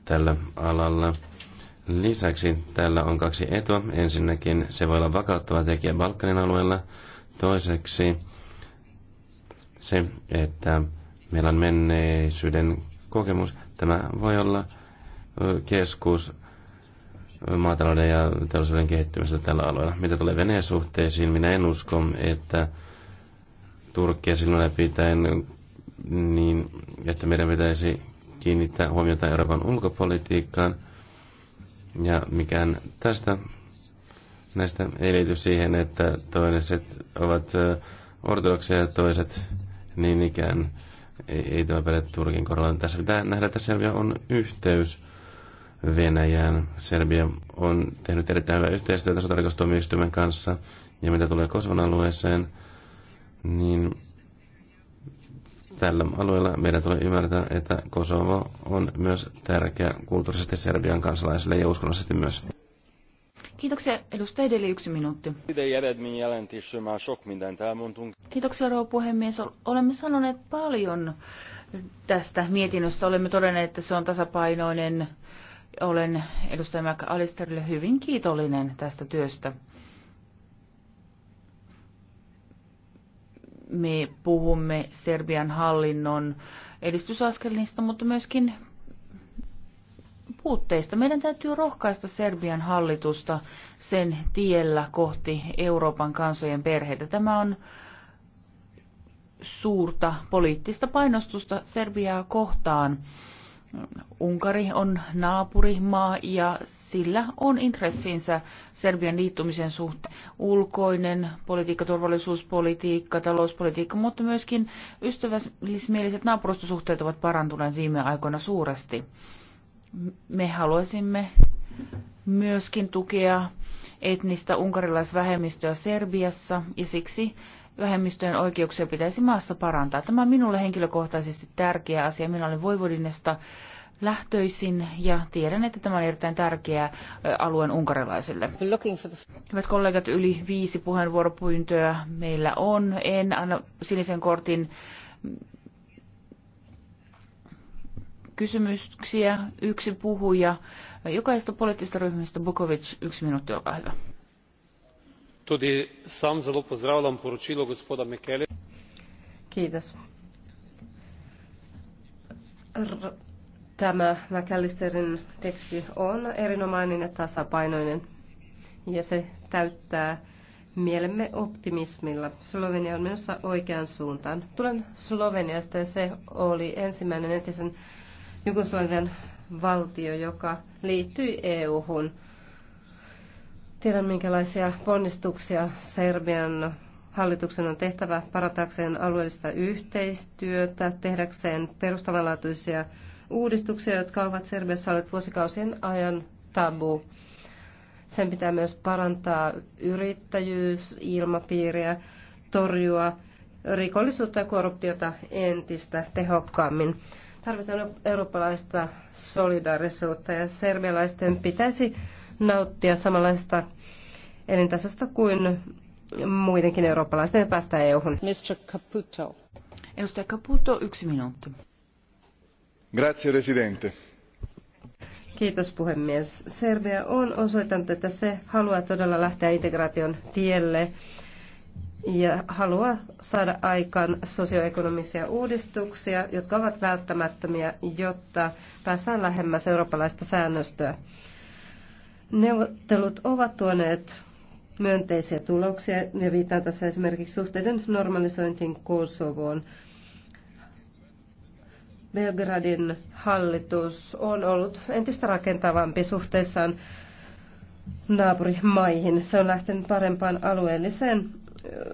tällä alalla. Lisäksi tällä on kaksi etua. Ensinnäkin se voi olla vakauttava tekijä Balkanin alueella. Toiseksi se, että meillä on menneisyyden kokemus. Tämä voi olla keskus maatalouden ja teollisuuden kehittymistä tällä alueella. Mitä tulee Venäjän suhteisiin, minä en usko, että Turkkia silloin pitäen, niin että meidän pitäisi kiinnittää huomiota Euroopan ulkopolitiikkaan. Ja mikään tästä näistä ei liity siihen, että toiset ovat ortodokseja ja toiset niin ikään ei, ei tämä päde Turkin korolla. Tässä pitää nähdä, että Serbia on yhteys Venäjään. Serbia on tehnyt erittäin hyvää yhteistyötä sotarikostuomioistuimen kanssa. Ja mitä tulee Kosovan alueeseen, niin tällä alueella meidän tulee ymmärtää, että Kosovo on myös tärkeä kulttuurisesti Serbian kansalaisille ja uskonnollisesti myös. Kiitoksia. Edustaja Edeli, yksi minuutti. Kiitoksia, rouva puhemies. Olemme sanoneet paljon tästä mietinnöstä. Olemme todenneet, että se on tasapainoinen olen edustaja McAllisterille hyvin kiitollinen tästä työstä. Me puhumme Serbian hallinnon edistysaskelista, mutta myöskin puutteista. Meidän täytyy rohkaista Serbian hallitusta sen tiellä kohti Euroopan kansojen perheitä. Tämä on suurta poliittista painostusta Serbiaa kohtaan. Unkari on naapurimaa ja sillä on intressinsä Serbian liittymisen suhteen. Ulkoinen politiikka, turvallisuuspolitiikka, talouspolitiikka, mutta myöskin ystävällismieliset naapurustosuhteet ovat parantuneet viime aikoina suuresti. Me haluaisimme myöskin tukea etnistä unkarilaisvähemmistöä Serbiassa ja siksi vähemmistöjen oikeuksia pitäisi maassa parantaa. Tämä on minulle henkilökohtaisesti tärkeä asia. Minä olen Voivodinesta lähtöisin ja tiedän, että tämä on erittäin tärkeä alueen unkarilaisille. Hyvät kollegat, yli viisi puheenvuoropyyntöä meillä on. En anna sinisen kortin kysymyksiä. Yksi puhuja. Jokaisesta poliittisesta ryhmästä Bukovic, yksi minuutti, olkaa hyvä tudi sam zelo pozdravljam poročilo gospoda mcallisterin teksti on erinomainen ja se täyttää optimismilla. Slovenia on suuntaan. Sloveniasta se oli ensimmäinen valtio, joka liittyi e Tiedän, minkälaisia ponnistuksia Serbian hallituksen on tehtävä paratakseen alueellista yhteistyötä, tehdäkseen perustavanlaatuisia uudistuksia, jotka ovat Serbiassa olleet vuosikausien ajan tabu. Sen pitää myös parantaa yrittäjyysilmapiiriä, torjua rikollisuutta ja korruptiota entistä tehokkaammin. Tarvitaan eurooppalaista solidaarisuutta ja serbialaisten pitäisi nauttia samanlaisesta elintasosta kuin muidenkin eurooppalaisten päästä EU-hun. Mr. Caputo. Edustaja Caputo, yksi minuutti. Grazie, Presidente. Kiitos puhemies. Serbia on osoittanut, että se haluaa todella lähteä integraation tielle ja haluaa saada aikaan sosioekonomisia uudistuksia, jotka ovat välttämättömiä, jotta päästään lähemmäs eurooppalaista säännöstöä. Neuvottelut ovat tuoneet myönteisiä tuloksia ja viittaan tässä esimerkiksi suhteiden normalisointiin Kosovoon. Belgradin hallitus on ollut entistä rakentavampi suhteessaan naapurimaihin. Se on lähtenyt parempaan alueelliseen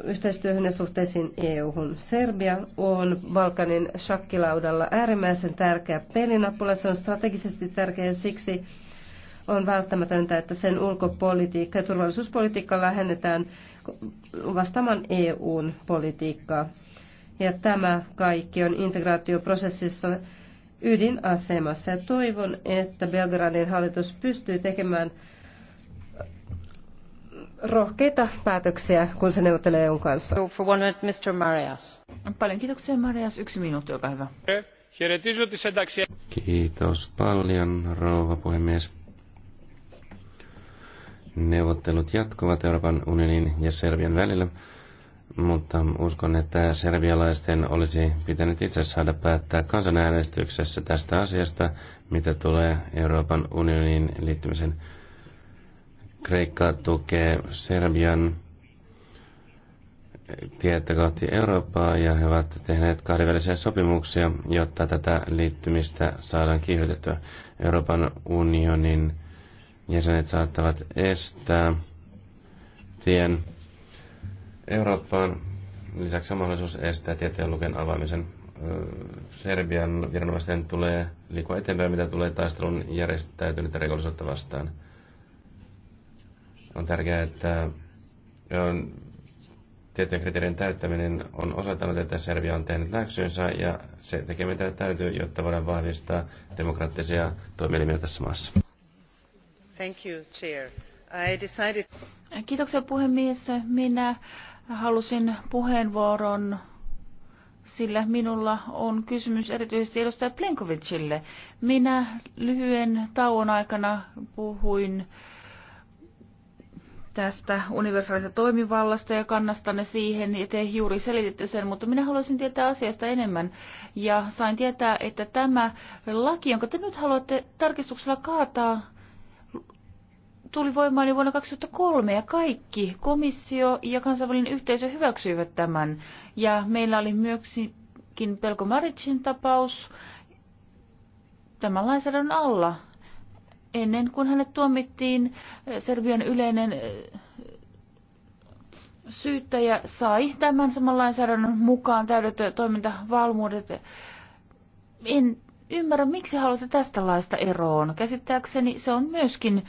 yhteistyöhön ja suhteisiin EU-hun. Serbia on Balkanin shakkilaudalla äärimmäisen tärkeä pelinappula. Se on strategisesti tärkeä siksi, on välttämätöntä, että sen ulkopolitiikka ja turvallisuuspolitiikka vähennetään vastaamaan EUn politiikkaa. Ja tämä kaikki on integraatioprosessissa ydinasemassa. Ja toivon, että Belgradin hallitus pystyy tekemään rohkeita päätöksiä, kun se neuvottelee EUn kanssa. For one minute, Mr. Marias. Paljon kiitoksia, Marias. Yksi minuutti, olkaa hyvä. Kiitos paljon, rouva puhemies. Neuvottelut jatkuvat Euroopan unionin ja Serbian välillä, mutta uskon, että serbialaisten olisi pitänyt itse saada päättää kansanäänestyksessä tästä asiasta, mitä tulee Euroopan unionin liittymisen. Kreikka tukee Serbian tietä kohti Eurooppaa ja he ovat tehneet kahdenvälisiä sopimuksia, jotta tätä liittymistä saadaan kiihdytettyä. Euroopan unionin jäsenet saattavat estää tien Eurooppaan. Lisäksi on mahdollisuus estää tietojen luken avaamisen. Serbian viranomaisten tulee liikua eteenpäin, mitä tulee taistelun järjestäytynyttä rikollisuutta vastaan. On tärkeää, että on tiettyjen kriteerien täyttäminen on osoittanut, että Serbia on tehnyt läksynsä ja se tekee mitä täytyy, jotta voidaan vahvistaa demokraattisia toimielimiä tässä maassa arvoisa Kiitoksia puhemies. Minä halusin puheenvuoron sillä minulla on kysymys erityisesti edustaja Plenkovicille. Minä lyhyen tauon aikana puhuin tästä universaalisesta toimivallasta ja kannastanne siihen, ja te juuri selititte sen, mutta minä haluaisin tietää asiasta enemmän. Ja sain tietää, että tämä laki, jonka te nyt haluatte tarkistuksella kaataa, tuli voimaan jo vuonna 2003 ja kaikki, komissio ja kansainvälinen yhteisö hyväksyivät tämän. Ja meillä oli myöskin Pelko Maricin tapaus tämän lainsäädännön alla ennen kuin hänet tuomittiin eh, Serbian yleinen eh, syyttäjä sai tämän saman lainsäädännön mukaan täydet eh, toimintavalmuudet. En ymmärrä, miksi haluatte tästä laista eroon. Käsittääkseni se on myöskin äh,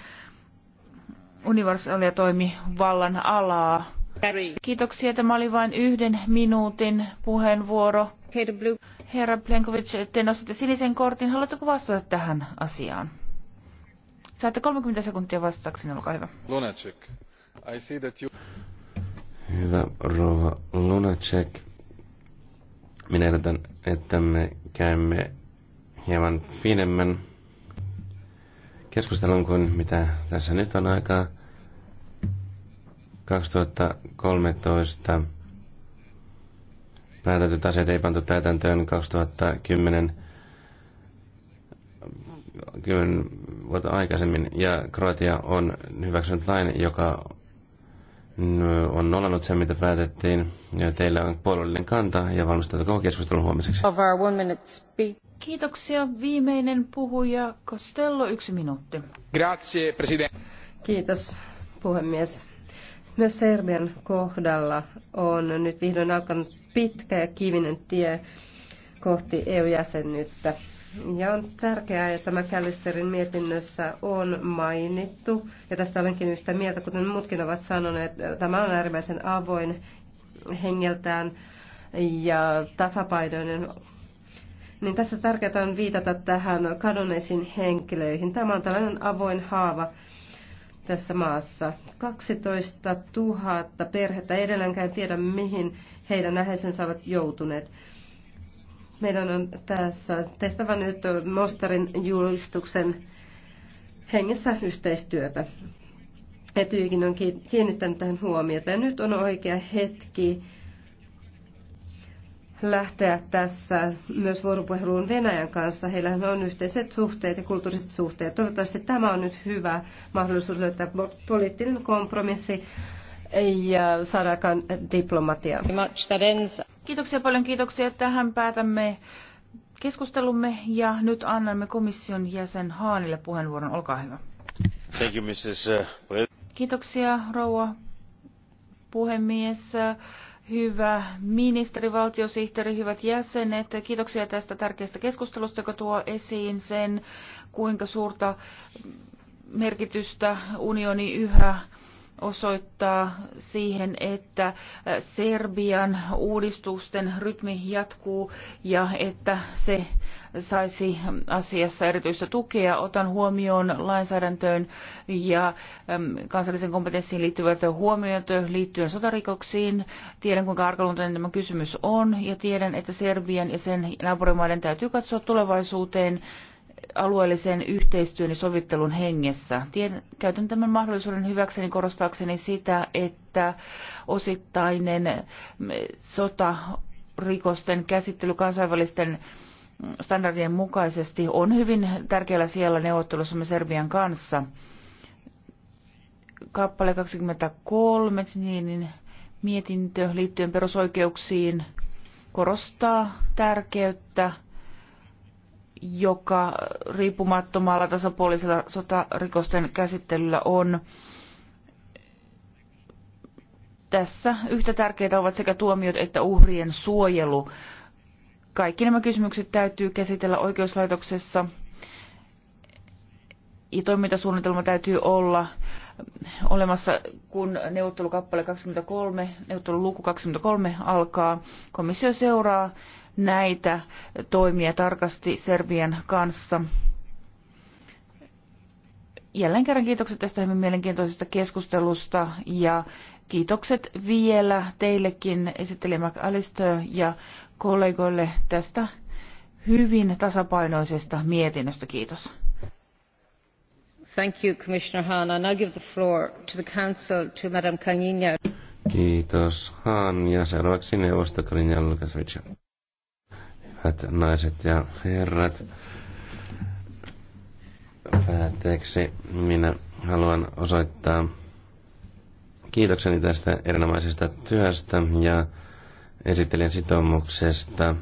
universaalia toimivallan alaa. Kiitoksia. Tämä oli vain yhden minuutin puheenvuoro. Herra Plenkovic, te nostitte sinisen kortin. Haluatteko vastata tähän asiaan? Saatte 30 sekuntia vastaakseni, olkaa hyvä. Lunacek, I see that you... Hyvä rouva Lunacek. Minä ehdotan, että me käymme hieman pidemmän keskustelun kuin mitä tässä nyt on aikaa. 2013 päätetyt asiat ei pantu täytäntöön 2010 10 vuotta aikaisemmin, ja Kroatia on hyväksynyt lain, joka on nollannut sen, mitä päätettiin. ja Teillä on puolueellinen kanta ja koko keskustelun huomiseksi. Kiitoksia. Viimeinen puhuja Costello, yksi minuutti. Grazie, presidente. Kiitos, puhemies. Myös Serbian kohdalla on nyt vihdoin alkanut pitkä ja kivinen tie kohti EU-jäsenyyttä. Ja on tärkeää, että tämä Kallisterin mietinnössä on mainittu, ja tästä olenkin yhtä mieltä, kuten muutkin ovat sanoneet, että tämä on äärimmäisen avoin hengeltään ja tasapainoinen niin tässä tärkeää on viitata tähän kadonneisiin henkilöihin. Tämä on tällainen avoin haava tässä maassa. 12 000 perhettä edelleenkään tiedä, mihin heidän läheisensä ovat joutuneet. Meidän on tässä tehtävä nyt Mostarin julistuksen hengessä yhteistyötä. Etyikin on kiinnittänyt tähän huomiota ja nyt on oikea hetki lähteä tässä myös vuoropuheluun Venäjän kanssa. heillä on yhteiset suhteet ja kulttuuriset suhteet. Toivottavasti tämä on nyt hyvä mahdollisuus löytää poliittinen kompromissi ja saadaan diplomatia. Kiitoksia paljon, kiitoksia. Tähän päätämme keskustelumme ja nyt annamme komission jäsen Haanille puheenvuoron. Olkaa hyvä. Thank you, Mrs. Uh, kiitoksia, rouva puhemies. Hyvä ministeri, valtiosihteeri, hyvät jäsenet, kiitoksia tästä tärkeästä keskustelusta, joka tuo esiin sen, kuinka suurta merkitystä unioni yhä osoittaa siihen, että Serbian uudistusten rytmi jatkuu ja että se saisi asiassa erityistä tukea. Otan huomioon lainsäädäntöön ja kansallisen kompetenssiin liittyvät huomiot liittyen sotarikoksiin. Tiedän, kuinka arkaluontoinen tämä kysymys on ja tiedän, että Serbian ja sen naapurimaiden täytyy katsoa tulevaisuuteen alueelliseen yhteistyön ja sovittelun hengessä. Tien, käytän tämän mahdollisuuden hyväkseni korostaakseni sitä, että osittainen sotarikosten käsittely kansainvälisten standardien mukaisesti on hyvin tärkeällä siellä neuvottelussa Serbian kanssa. Kappale 23, niin mietintö liittyen perusoikeuksiin korostaa tärkeyttä joka riippumattomalla tasapuolisella sotarikosten käsittelyllä on. Tässä yhtä tärkeitä ovat sekä tuomiot että uhrien suojelu. Kaikki nämä kysymykset täytyy käsitellä oikeuslaitoksessa ja toimintasuunnitelma täytyy olla olemassa, kun neuvottelukappale 23, neuvotteluluku 23 alkaa. Komissio seuraa näitä toimia tarkasti Serbian kanssa. Jälleen kerran kiitokset tästä hyvin mielenkiintoisesta keskustelusta ja kiitokset vielä teillekin esittelijä McAllister ja kollegoille tästä hyvin tasapainoisesta mietinnöstä. Kiitos. Thank you, Commissioner Hahn. I now give the floor to the Council, to Madame Kalnina. Kiitos, Hahn. Ja seuraavaksi neuvosto Kalina Hyvät naiset ja herrat, päätteeksi minä haluan osoittaa kiitokseni tästä erinomaisesta työstä ja esittelijän sitoumuksesta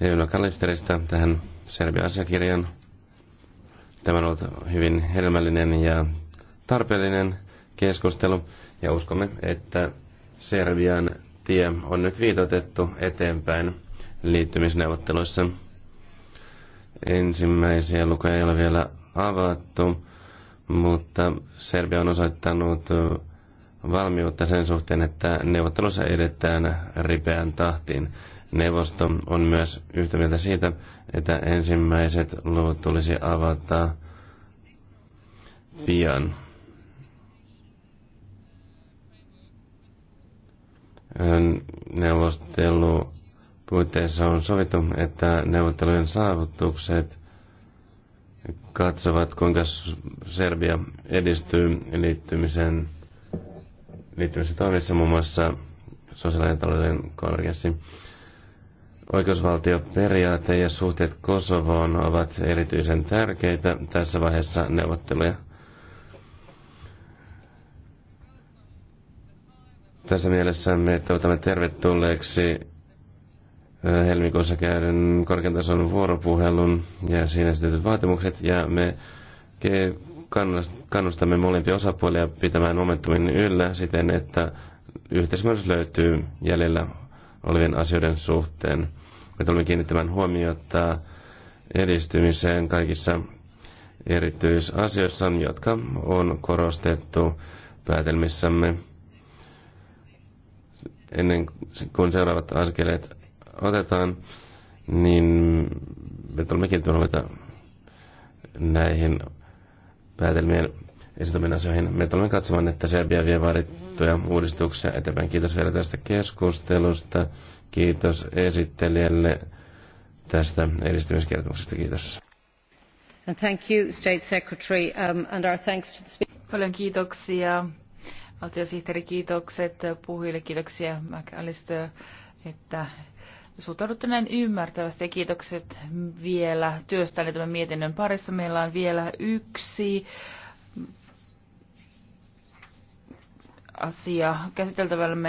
Eula Kalisterista tähän Serbia-asiakirjan. Tämä on ollut hyvin hedelmällinen ja tarpeellinen keskustelu ja uskomme, että Serbian tie on nyt viitotettu eteenpäin liittymisneuvotteluissa. Ensimmäisiä lukuja ei ole vielä avattu, mutta Serbia on osoittanut valmiutta sen suhteen, että neuvottelussa edetään ripeän tahtiin. Neuvosto on myös yhtä mieltä siitä, että ensimmäiset luvut tulisi avata pian. puitteissa on sovittu, että neuvottelujen saavutukset katsovat, kuinka Serbia edistyy liittymisen, liittymisen toimissa muun muassa sosiaali- ja talouden konvergenssi. Oikeusvaltioperiaate ja suhteet Kosovoon ovat erityisen tärkeitä tässä vaiheessa neuvotteluja. Tässä mielessä me toivotamme tervetulleeksi helmikuussa käydyn korkean tason vuoropuhelun ja siinä esitetyt vaatimukset ja me kannustamme molempia osapuolia pitämään momentumin yllä siten, että yhteisymmärrys löytyy jäljellä olevien asioiden suhteen. Me tulemme kiinnittämään huomiota edistymiseen kaikissa erityisasioissa, jotka on korostettu päätelmissämme ennen kuin seuraavat askeleet otetaan, niin me tulemme kiinnittämään näihin päätelmien esitämien asioihin. Me tulemme katsomaan, että Serbia vie vaadittuja uudistuksia eteenpäin. Kiitos vielä tästä keskustelusta. Kiitos esittelijälle tästä edistymiskertomuksesta. Kiitos. And thank you, State Secretary, um, and our thanks to the Paljon kiitoksia. Valtiosihteeri, kiitokset puhujille, kiitoksia McAllister, että suhtaudutte näin ymmärtävästi ja kiitokset vielä työstäni tämän mietinnön parissa. Meillä on vielä yksi asia käsiteltävällä.